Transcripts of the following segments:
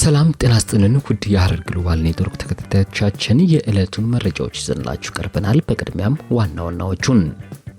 ሰላም ጤና ስጥልን ውድ የሐረር ግሎባል ኔትወርክ ተከታታዮቻችን የዕለቱን መረጃዎች ይዘንላችሁ ቀርበናል። በቅድሚያም ዋና ዋናዎቹን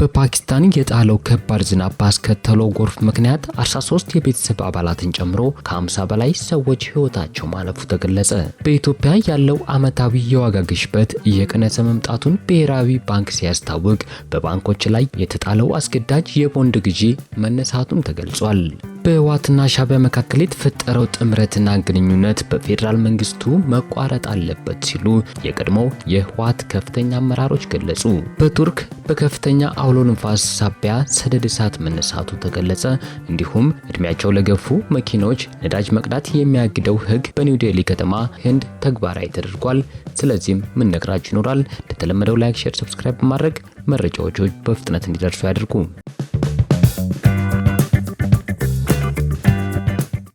በፓኪስታን የጣለው ከባድ ዝናብ ባስከተለው ጎርፍ ምክንያት 13 የቤተሰብ አባላትን ጨምሮ ከ50 በላይ ሰዎች ሕይወታቸው ማለፉ ተገለጸ። በኢትዮጵያ ያለው ዓመታዊ የዋጋ ግሽበት እየቀነሰ መምጣቱን ብሔራዊ ባንክ ሲያስታውቅ፣ በባንኮች ላይ የተጣለው አስገዳጅ የቦንድ ግዢ መነሳቱም ተገልጿል። በህወሓትና ሻዕቢያ መካከል የተፈጠረው ጥምረትና ግንኙነት በፌዴራል መንግስቱ መቋረጥ አለበት ሲሉ የቀድሞው የህወሓት ከፍተኛ አመራሮች ገለጹ። በቱርክ በከፍተኛ አውሎ ንፋስ ሳቢያ ሰደድ እሳት መነሳቱ ተገለጸ። እንዲሁም እድሜያቸው ለገፉ መኪናዎች ነዳጅ መቅዳት የሚያግደው ህግ በኒውዴሊ ከተማ ህንድ ተግባራዊ ተደርጓል። ስለዚህም ምን ነግራችሁ ይኖራል። እንደተለመደው ላይክ፣ ሼር፣ ሰብስክራይብ በማድረግ መረጃዎች በፍጥነት እንዲደርሱ ያድርጉ።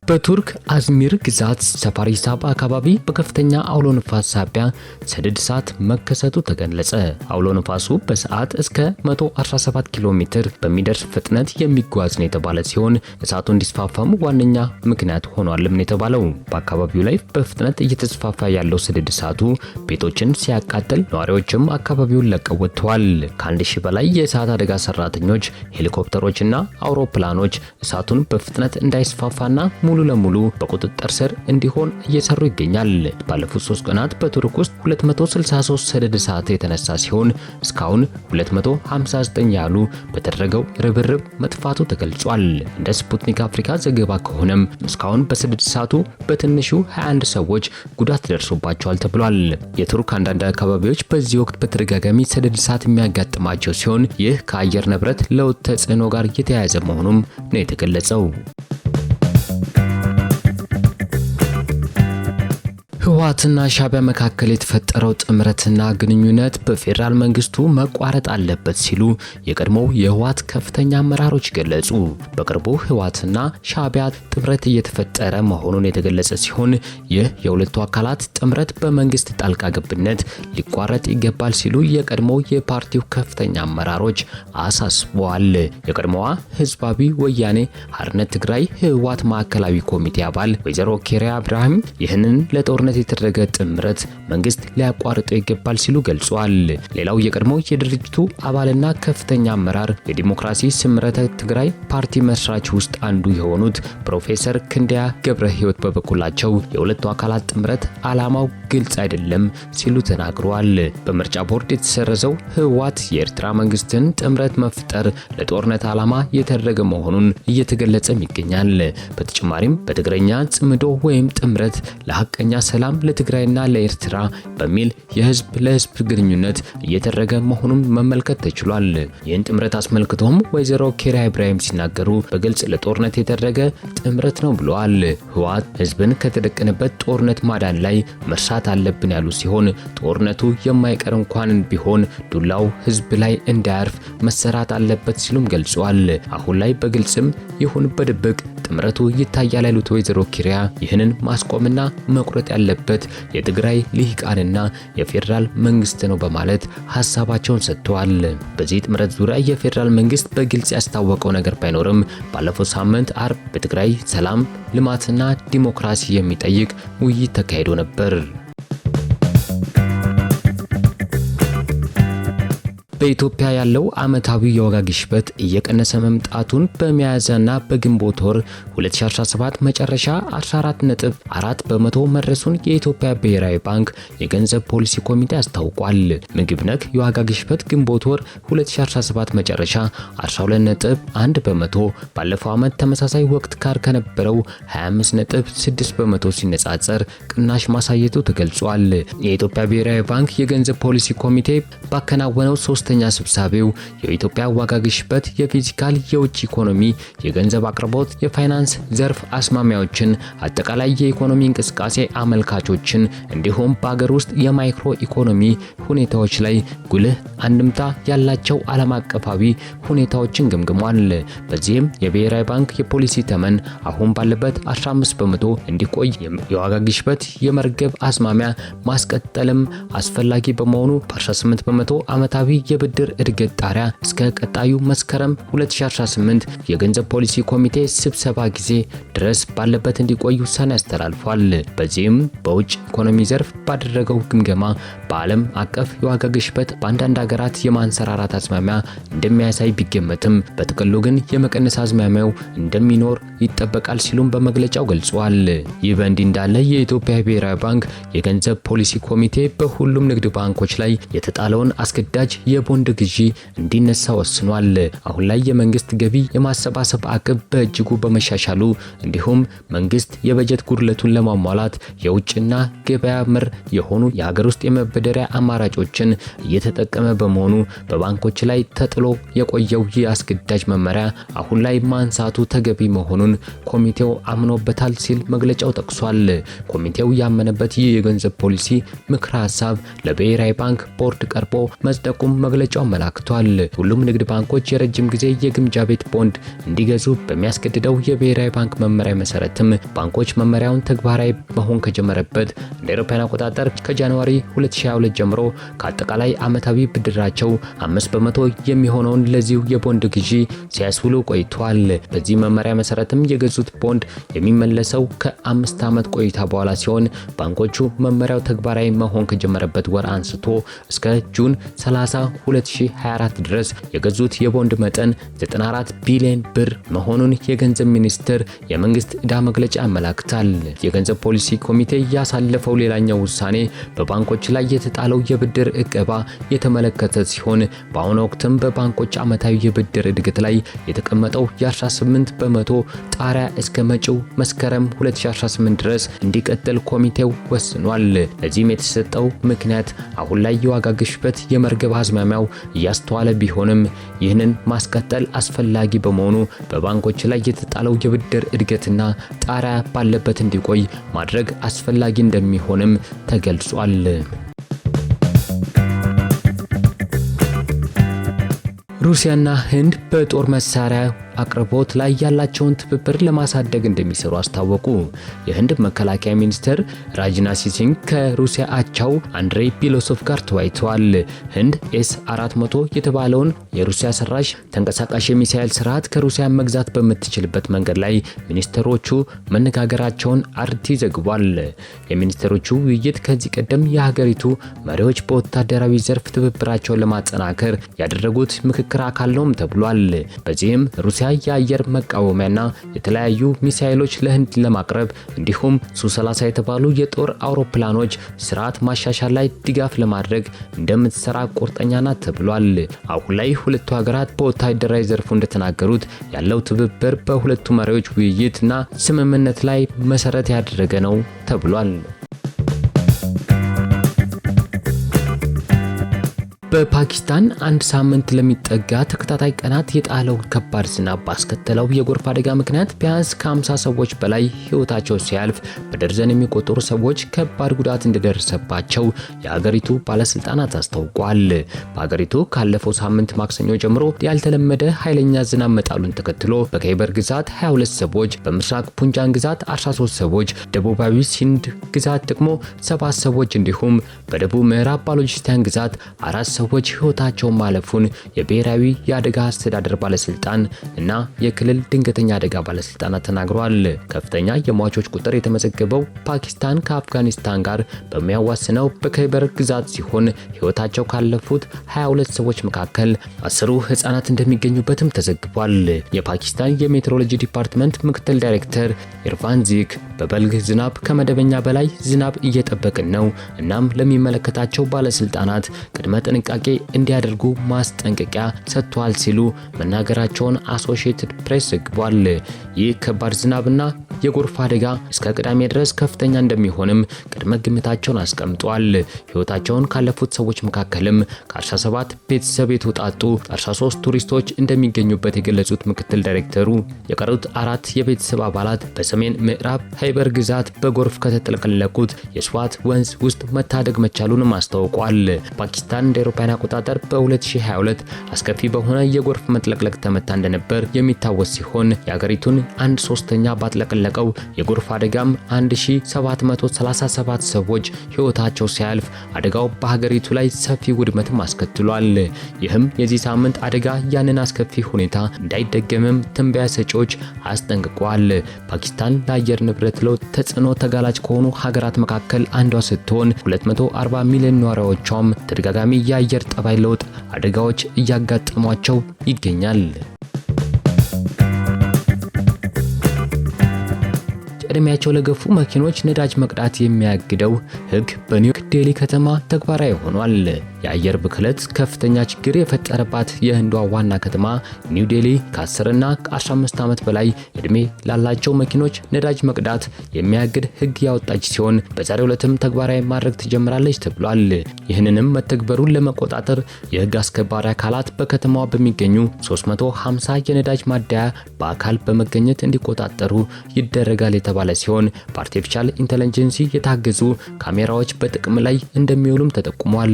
በቱርክ አዝሚር ግዛት ሰፋሪሳብ አካባቢ በከፍተኛ አውሎ ንፋስ ሳቢያ ሰደድ እሳት መከሰቱ ተገለጸ። አውሎ ንፋሱ በሰዓት እስከ 117 ኪሎ ሜትር በሚደርስ ፍጥነት የሚጓዝ ነው የተባለ ሲሆን እሳቱ እንዲስፋፋም ዋነኛ ምክንያት ሆኗልም ነው የተባለው። በአካባቢው ላይ በፍጥነት እየተስፋፋ ያለው ሰደድ እሳቱ ቤቶችን ሲያቃጥል፣ ነዋሪዎችም አካባቢውን ለቀው ወጥተዋል። ከአንድ ሺህ በላይ የእሳት አደጋ ሰራተኞች፣ ሄሊኮፕተሮችና አውሮፕላኖች እሳቱን በፍጥነት እንዳይስፋፋና ሙሉ ሙሉ ለሙሉ በቁጥጥር ስር እንዲሆን እየሰሩ ይገኛል። ባለፉት ሶስት ቀናት በቱርክ ውስጥ 263 ሰደድ እሳት የተነሳ ሲሆን እስካሁን 259 ያሉ በተደረገው ርብርብ መጥፋቱ ተገልጿል። እንደ ስፑትኒክ አፍሪካ ዘገባ ከሆነም እስካሁን በሰደድ እሳቱ በትንሹ 21 ሰዎች ጉዳት ደርሶባቸዋል ተብሏል። የቱርክ አንዳንድ አካባቢዎች በዚህ ወቅት በተደጋጋሚ ሰደድ እሳት የሚያጋጥማቸው ሲሆን ይህ ከአየር ንብረት ለውጥ ተጽዕኖ ጋር የተያያዘ መሆኑም ነው የተገለጸው። ህወሓትና ሻዕቢያ መካከል የተፈጠረው ጥምረትና ግንኙነት በፌዴራል መንግስቱ መቋረጥ አለበት ሲሉ የቀድሞው የህወሓት ከፍተኛ አመራሮች ገለጹ። በቅርቡ ህወሓትና ሻዕቢያ ጥምረት እየተፈጠረ መሆኑን የተገለጸ ሲሆን ይህ የሁለቱ አካላት ጥምረት በመንግስት ጣልቃ ገብነት ሊቋረጥ ይገባል ሲሉ የቀድሞ የፓርቲው ከፍተኛ አመራሮች አሳስበዋል። የቀድሞዋ ህዝባዊ ወያኔ ሓርነት ትግራይ ህወሓት ማዕከላዊ ኮሚቴ አባል ወይዘሮ ኬሪያ ኢብራሂም ይህንን ለጦርነት የተደረገ ጥምረት መንግስት ሊያቋርጠው ይገባል ሲሉ ገልጿል። ሌላው የቀድሞ የድርጅቱ አባልና ከፍተኛ አመራር የዲሞክራሲ ስምረተ ትግራይ ፓርቲ መስራች ውስጥ አንዱ የሆኑት ፕሮፌሰር ክንደያ ገብረ ሕይወት በበኩላቸው የሁለቱ አካላት ጥምረት ዓላማው ግልጽ አይደለም ሲሉ ተናግረዋል። በምርጫ ቦርድ የተሰረዘው ህወሓት የኤርትራ መንግስትን ጥምረት መፍጠር ለጦርነት ዓላማ የተደረገ መሆኑን እየተገለጸም ይገኛል። በተጨማሪም በትግረኛ ጽምዶ ወይም ጥምረት ለሀቀኛ ሰላም ሰላም ለትግራይና ለኤርትራ በሚል የህዝብ ለህዝብ ግንኙነት እየተደረገ መሆኑን መመልከት ተችሏል። ይህን ጥምረት አስመልክቶም ወይዘሮ ኬሪያ ኢብራሂም ሲናገሩ በግልጽ ለጦርነት የተደረገ ጥምረት ነው ብለዋል። ህወሓት ህዝብን ከተደቀነበት ጦርነት ማዳን ላይ መርሳት አለብን ያሉ ሲሆን ጦርነቱ የማይቀር እንኳን ቢሆን ዱላው ህዝብ ላይ እንዳያርፍ መሰራት አለበት ሲሉም ገልጿል። አሁን ላይ በግልጽም ይሁን በድብቅ ጥምረቱ ይታያል ያሉት ወይዘሮ ኪሪያ ይህንን ማስቆምና መቁረጥ ያለበት ያለበት የትግራይ ልሂቃንና የፌዴራል መንግስት ነው በማለት ሀሳባቸውን ሰጥተዋል። በዚህ ጥምረት ዙሪያ የፌዴራል መንግስት በግልጽ ያስታወቀው ነገር ባይኖርም ባለፈው ሳምንት አርብ በትግራይ ሰላም ልማትና ዲሞክራሲ የሚጠይቅ ውይይት ተካሂዶ ነበር። በኢትዮጵያ ያለው ዓመታዊ የዋጋ ግሽበት እየቀነሰ መምጣቱን በሚያዝያና በግንቦት ወር 2017 መጨረሻ 14 ነጥብ 4 በመቶ መድረሱን የኢትዮጵያ ብሔራዊ ባንክ የገንዘብ ፖሊሲ ኮሚቴ አስታውቋል። ምግብ ነክ የዋጋ ግሽበት ግንቦት ወር 2017 መጨረሻ 12 ነጥብ 1 በመቶ ባለፈው ዓመት ተመሳሳይ ወቅት ጋር ከነበረው 25.6 በመቶ ሲነጻጸር ቅናሽ ማሳየቱ ተገልጿል። የኢትዮጵያ ብሔራዊ ባንክ የገንዘብ ፖሊሲ ኮሚቴ ባከናወነው ሶስት በአምስተኛ ስብሳቤው የኢትዮጵያ ዋጋ ግሽበት፣ የፊዚካል የውጭ ኢኮኖሚ፣ የገንዘብ አቅርቦት፣ የፋይናንስ ዘርፍ አስማሚያዎችን፣ አጠቃላይ የኢኮኖሚ እንቅስቃሴ አመልካቾችን እንዲሁም በአገር ውስጥ የማይክሮ ኢኮኖሚ ሁኔታዎች ላይ ጉልህ አንድምታ ያላቸው ዓለም አቀፋዊ ሁኔታዎችን ግምግሟል በዚህም የብሔራዊ ባንክ የፖሊሲ ተመን አሁን ባለበት 15 በመቶ እንዲቆይ፣ የዋጋ ግሽበት የመርገብ አስማሚያ ማስቀጠልም አስፈላጊ በመሆኑ በ18 በመቶ ዓመታዊ የብድር እድገት ጣሪያ እስከ ቀጣዩ መስከረም 2018 የገንዘብ ፖሊሲ ኮሚቴ ስብሰባ ጊዜ ድረስ ባለበት እንዲቆይ ውሳኔ አስተላልፏል። በዚህም በውጭ ኢኮኖሚ ዘርፍ ባደረገው ግምገማ በዓለም አቀፍ የዋጋ ግሽበት በአንዳንድ ሀገራት የማንሰራራት አዝማሚያ እንደሚያሳይ ቢገመትም በጥቅሉ ግን የመቀነስ አዝማሚያው እንደሚኖር ይጠበቃል ሲሉም በመግለጫው ገልጿል። ይህ በእንዲህ እንዳለ የኢትዮጵያ ብሔራዊ ባንክ የገንዘብ ፖሊሲ ኮሚቴ በሁሉም ንግድ ባንኮች ላይ የተጣለውን አስገዳጅ የቦንድ ግዢ እንዲነሳ ወስኗል። አሁን ላይ የመንግስት ገቢ የማሰባሰብ አቅም በእጅጉ በመሻሻሉ እንዲሁም መንግስት የበጀት ጉድለቱን ለማሟላት የውጭና ገበያ መር የሆኑ የሀገር ውስጥ የመበ ማበደሪያ አማራጮችን እየተጠቀመ በመሆኑ በባንኮች ላይ ተጥሎ የቆየው ይህ አስገዳጅ መመሪያ አሁን ላይ ማንሳቱ ተገቢ መሆኑን ኮሚቴው አምኖበታል ሲል መግለጫው ጠቅሷል። ኮሚቴው ያመነበት ይህ የገንዘብ ፖሊሲ ምክረ ሀሳብ ለብሔራዊ ባንክ ቦርድ ቀርቦ መጽደቁም መግለጫው አመላክቷል። ሁሉም ንግድ ባንኮች የረጅም ጊዜ የግምጃ ቤት ቦንድ እንዲገዙ በሚያስገድደው የብሔራዊ ባንክ መመሪያ መሰረትም ባንኮች መመሪያውን ተግባራዊ መሆን ከጀመረበት እንደ አውሮፓውያን አቆጣጠር ከጃንዋሪ 20 2022 ጀምሮ ከአጠቃላይ ዓመታዊ ብድራቸው 5 በመቶ የሚሆነውን ለዚሁ የቦንድ ግዢ ሲያስውሉ ቆይቷል። በዚህ መመሪያ መሰረትም የገዙት ቦንድ የሚመለሰው ከአምስት ዓመት ቆይታ በኋላ ሲሆን ባንኮቹ መመሪያው ተግባራዊ መሆን ከጀመረበት ወር አንስቶ እስከ ጁን 30 2024 ድረስ የገዙት የቦንድ መጠን 94 ቢሊዮን ብር መሆኑን የገንዘብ ሚኒስቴር የመንግስት ዕዳ መግለጫ ያመላክታል። የገንዘብ ፖሊሲ ኮሚቴ ያሳለፈው ሌላኛው ውሳኔ በባንኮች ላይ የተጣለው የብድር እቀባ የተመለከተ ሲሆን በአሁኑ ወቅትም በባንኮች ዓመታዊ የብድር እድገት ላይ የተቀመጠው የ18 በመቶ ጣሪያ እስከ መጪው መስከረም 2018 ድረስ እንዲቀጥል ኮሚቴው ወስኗል። ለዚህም የተሰጠው ምክንያት አሁን ላይ የዋጋ ግሽበት የመርገብ አዝማሚያው እያስተዋለ ቢሆንም ይህንን ማስቀጠል አስፈላጊ በመሆኑ በባንኮች ላይ የተጣለው የብድር እድገትና ጣሪያ ባለበት እንዲቆይ ማድረግ አስፈላጊ እንደሚሆንም ተገልጿል። ሩሲያና ህንድ በጦር መሳሪያ አቅርቦት ላይ ያላቸውን ትብብር ለማሳደግ እንደሚሰሩ አስታወቁ። የህንድ መከላከያ ሚኒስትር ራጅና ሲንግ ከሩሲያ አቻው አንድሬ ቢሎሶፍ ጋር ተወያይተዋል። ህንድ ኤስ 400 የተባለውን የሩሲያ ሰራሽ ተንቀሳቃሽ የሚሳኤል ስርዓት ከሩሲያ መግዛት በምትችልበት መንገድ ላይ ሚኒስትሮቹ መነጋገራቸውን አርቲ ዘግቧል። የሚኒስትሮቹ ውይይት ከዚህ ቀደም የሀገሪቱ መሪዎች በወታደራዊ ዘርፍ ትብብራቸውን ለማጠናከር ያደረጉት ምክክር አካል ነውም ተብሏል። በዚህም ሩሲያ የአየር መቃወሚያና የተለያዩ ሚሳይሎች ለህንድ ለማቅረብ እንዲሁም ሱ30 የተባሉ የጦር አውሮፕላኖች ስርዓት ማሻሻል ላይ ድጋፍ ለማድረግ እንደምትሰራ ቁርጠኛ ናት ተብሏል። አሁን ላይ ሁለቱ ሀገራት በወታደራዊ ዘርፉ እንደተናገሩት ያለው ትብብር በሁለቱ መሪዎች ውይይትና ስምምነት ላይ መሰረት ያደረገ ነው ተብሏል። በፓኪስታን አንድ ሳምንት ለሚጠጋ ተከታታይ ቀናት የጣለው ከባድ ዝናብ ባስከተለው የጎርፍ አደጋ ምክንያት ቢያንስ ከ50 ሰዎች በላይ ሕይወታቸው ሲያልፍ በደርዘን የሚቆጠሩ ሰዎች ከባድ ጉዳት እንደደረሰባቸው የአገሪቱ ባለስልጣናት አስታውቋል። በአገሪቱ ካለፈው ሳምንት ማክሰኞ ጀምሮ ያልተለመደ ኃይለኛ ዝናብ መጣሉን ተከትሎ በከይበር ግዛት 22 ሰዎች፣ በምስራቅ ፑንጃን ግዛት 13 ሰዎች፣ ደቡባዊ ሲንድ ግዛት ደግሞ ሰባት ሰዎች እንዲሁም በደቡብ ምዕራብ ባሎጂስታን ግዛት አራት ሰዎች ሕይወታቸውን ማለፉን የብሔራዊ የአደጋ አስተዳደር ባለስልጣን እና የክልል ድንገተኛ አደጋ ባለስልጣናት ተናግረዋል። ከፍተኛ የሟቾች ቁጥር የተመዘገበው ፓኪስታን ከአፍጋኒስታን ጋር በሚያዋስነው በከይበር ግዛት ሲሆን ህይወታቸው ካለፉት 22 ሰዎች መካከል አስሩ ህጻናት እንደሚገኙበትም ተዘግቧል። የፓኪስታን የሜትሮሎጂ ዲፓርትመንት ምክትል ዳይሬክተር ኢርፋን ዚክ በበልግ ዝናብ ከመደበኛ በላይ ዝናብ እየጠበቅን ነው እናም ለሚመለከታቸው ባለስልጣናት ቅድመ ጥንቃ ጥንቃቄ እንዲያደርጉ ማስጠንቀቂያ ሰጥቷል ሲሉ መናገራቸውን አሶሺየትድ ፕሬስ ዘግቧል። ይህ ከባድ ዝናብና የጎርፍ አደጋ እስከ ቅዳሜ ድረስ ከፍተኛ እንደሚሆንም ቅድመ ግምታቸውን አስቀምጧል። ሕይወታቸውን ካለፉት ሰዎች መካከልም ከ17 ቤተሰብ የተውጣጡ 13 ቱሪስቶች እንደሚገኙበት የገለጹት ምክትል ዳይሬክተሩ የቀሩት አራት የቤተሰብ አባላት በሰሜን ምዕራብ ሀይበር ግዛት በጎርፍ ከተጠለቀለቁት የስዋት ወንዝ ውስጥ መታደግ መቻሉንም አስታውቋል። ፓኪስታን እንደ አውሮፓውያን አቆጣጠር በ2022 አስከፊ በሆነ የጎርፍ መጥለቅለቅ ተመታ እንደነበር የሚታወስ ሲሆን የአገሪቱን አንድ ሶስተኛ ባጥለቀለቀው የጎርፍ አደጋም 1737 ሰዎች ሕይወታቸው ሲያልፍ አደጋው በሀገሪቱ ላይ ሰፊ ውድመትም አስከትሏል። ይህም የዚህ ሳምንት አደጋ ያንን አስከፊ ሁኔታ እንዳይደገምም ትንበያ ሰጪዎች አስጠንቅቋል። ፓኪስታን ለአየር ንብረት ለውጥ ተጽዕኖ ተጋላጭ ከሆኑ ሀገራት መካከል አንዷ ስትሆን 240 ሚሊዮን ነዋሪዎቿም ተደጋጋሚ የአየር ጠባይ ለውጥ አደጋዎች እያጋጠሟቸው ይገኛል። እድሜያቸው ለገፉ መኪኖች ነዳጅ መቅዳት የሚያግደው ሕግ በኒውዮርክ ዴሊ ከተማ ተግባራዊ ሆኗል። የአየር ብክለት ከፍተኛ ችግር የፈጠረባት የህንዷ ዋና ከተማ ኒው ዴሊ ከ10 እና ከ15 ዓመት በላይ እድሜ ላላቸው መኪኖች ነዳጅ መቅዳት የሚያግድ ህግ ያወጣች ሲሆን በዛሬው ዕለትም ተግባራዊ ማድረግ ትጀምራለች ተብሏል። ይህንንም መተግበሩን ለመቆጣጠር የህግ አስከባሪ አካላት በከተማዋ በሚገኙ 350 የነዳጅ ማደያ በአካል በመገኘት እንዲቆጣጠሩ ይደረጋል የተባለ ሲሆን በአርቲፊሻል ኢንተለጀንሲ የታገዙ ካሜራዎች በጥቅም ላይ እንደሚውሉም ተጠቁሟል።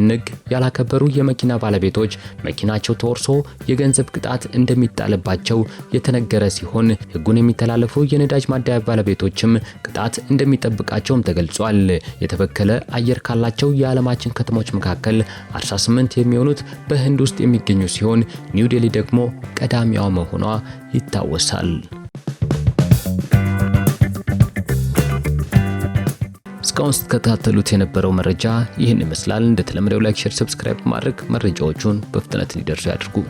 ይህን ያላከበሩ የመኪና ባለቤቶች መኪናቸው ተወርሶ የገንዘብ ቅጣት እንደሚጣልባቸው የተነገረ ሲሆን ህጉን የሚተላለፉ የነዳጅ ማደያ ባለቤቶችም ቅጣት እንደሚጠብቃቸውም ተገልጿል። የተበከለ አየር ካላቸው የዓለማችን ከተሞች መካከል 18 የሚሆኑት በህንድ ውስጥ የሚገኙ ሲሆን ኒው ዴሊ ደግሞ ቀዳሚዋ መሆኗ ይታወሳል። እስካሁን ስትከታተሉት የነበረው መረጃ ይህን ይመስላል። እንደተለመደው ላይክ፣ ሼር፣ ሰብስክራይብ ማድረግ መረጃዎቹን በፍጥነት እንዲደርሱ ያድርጉ።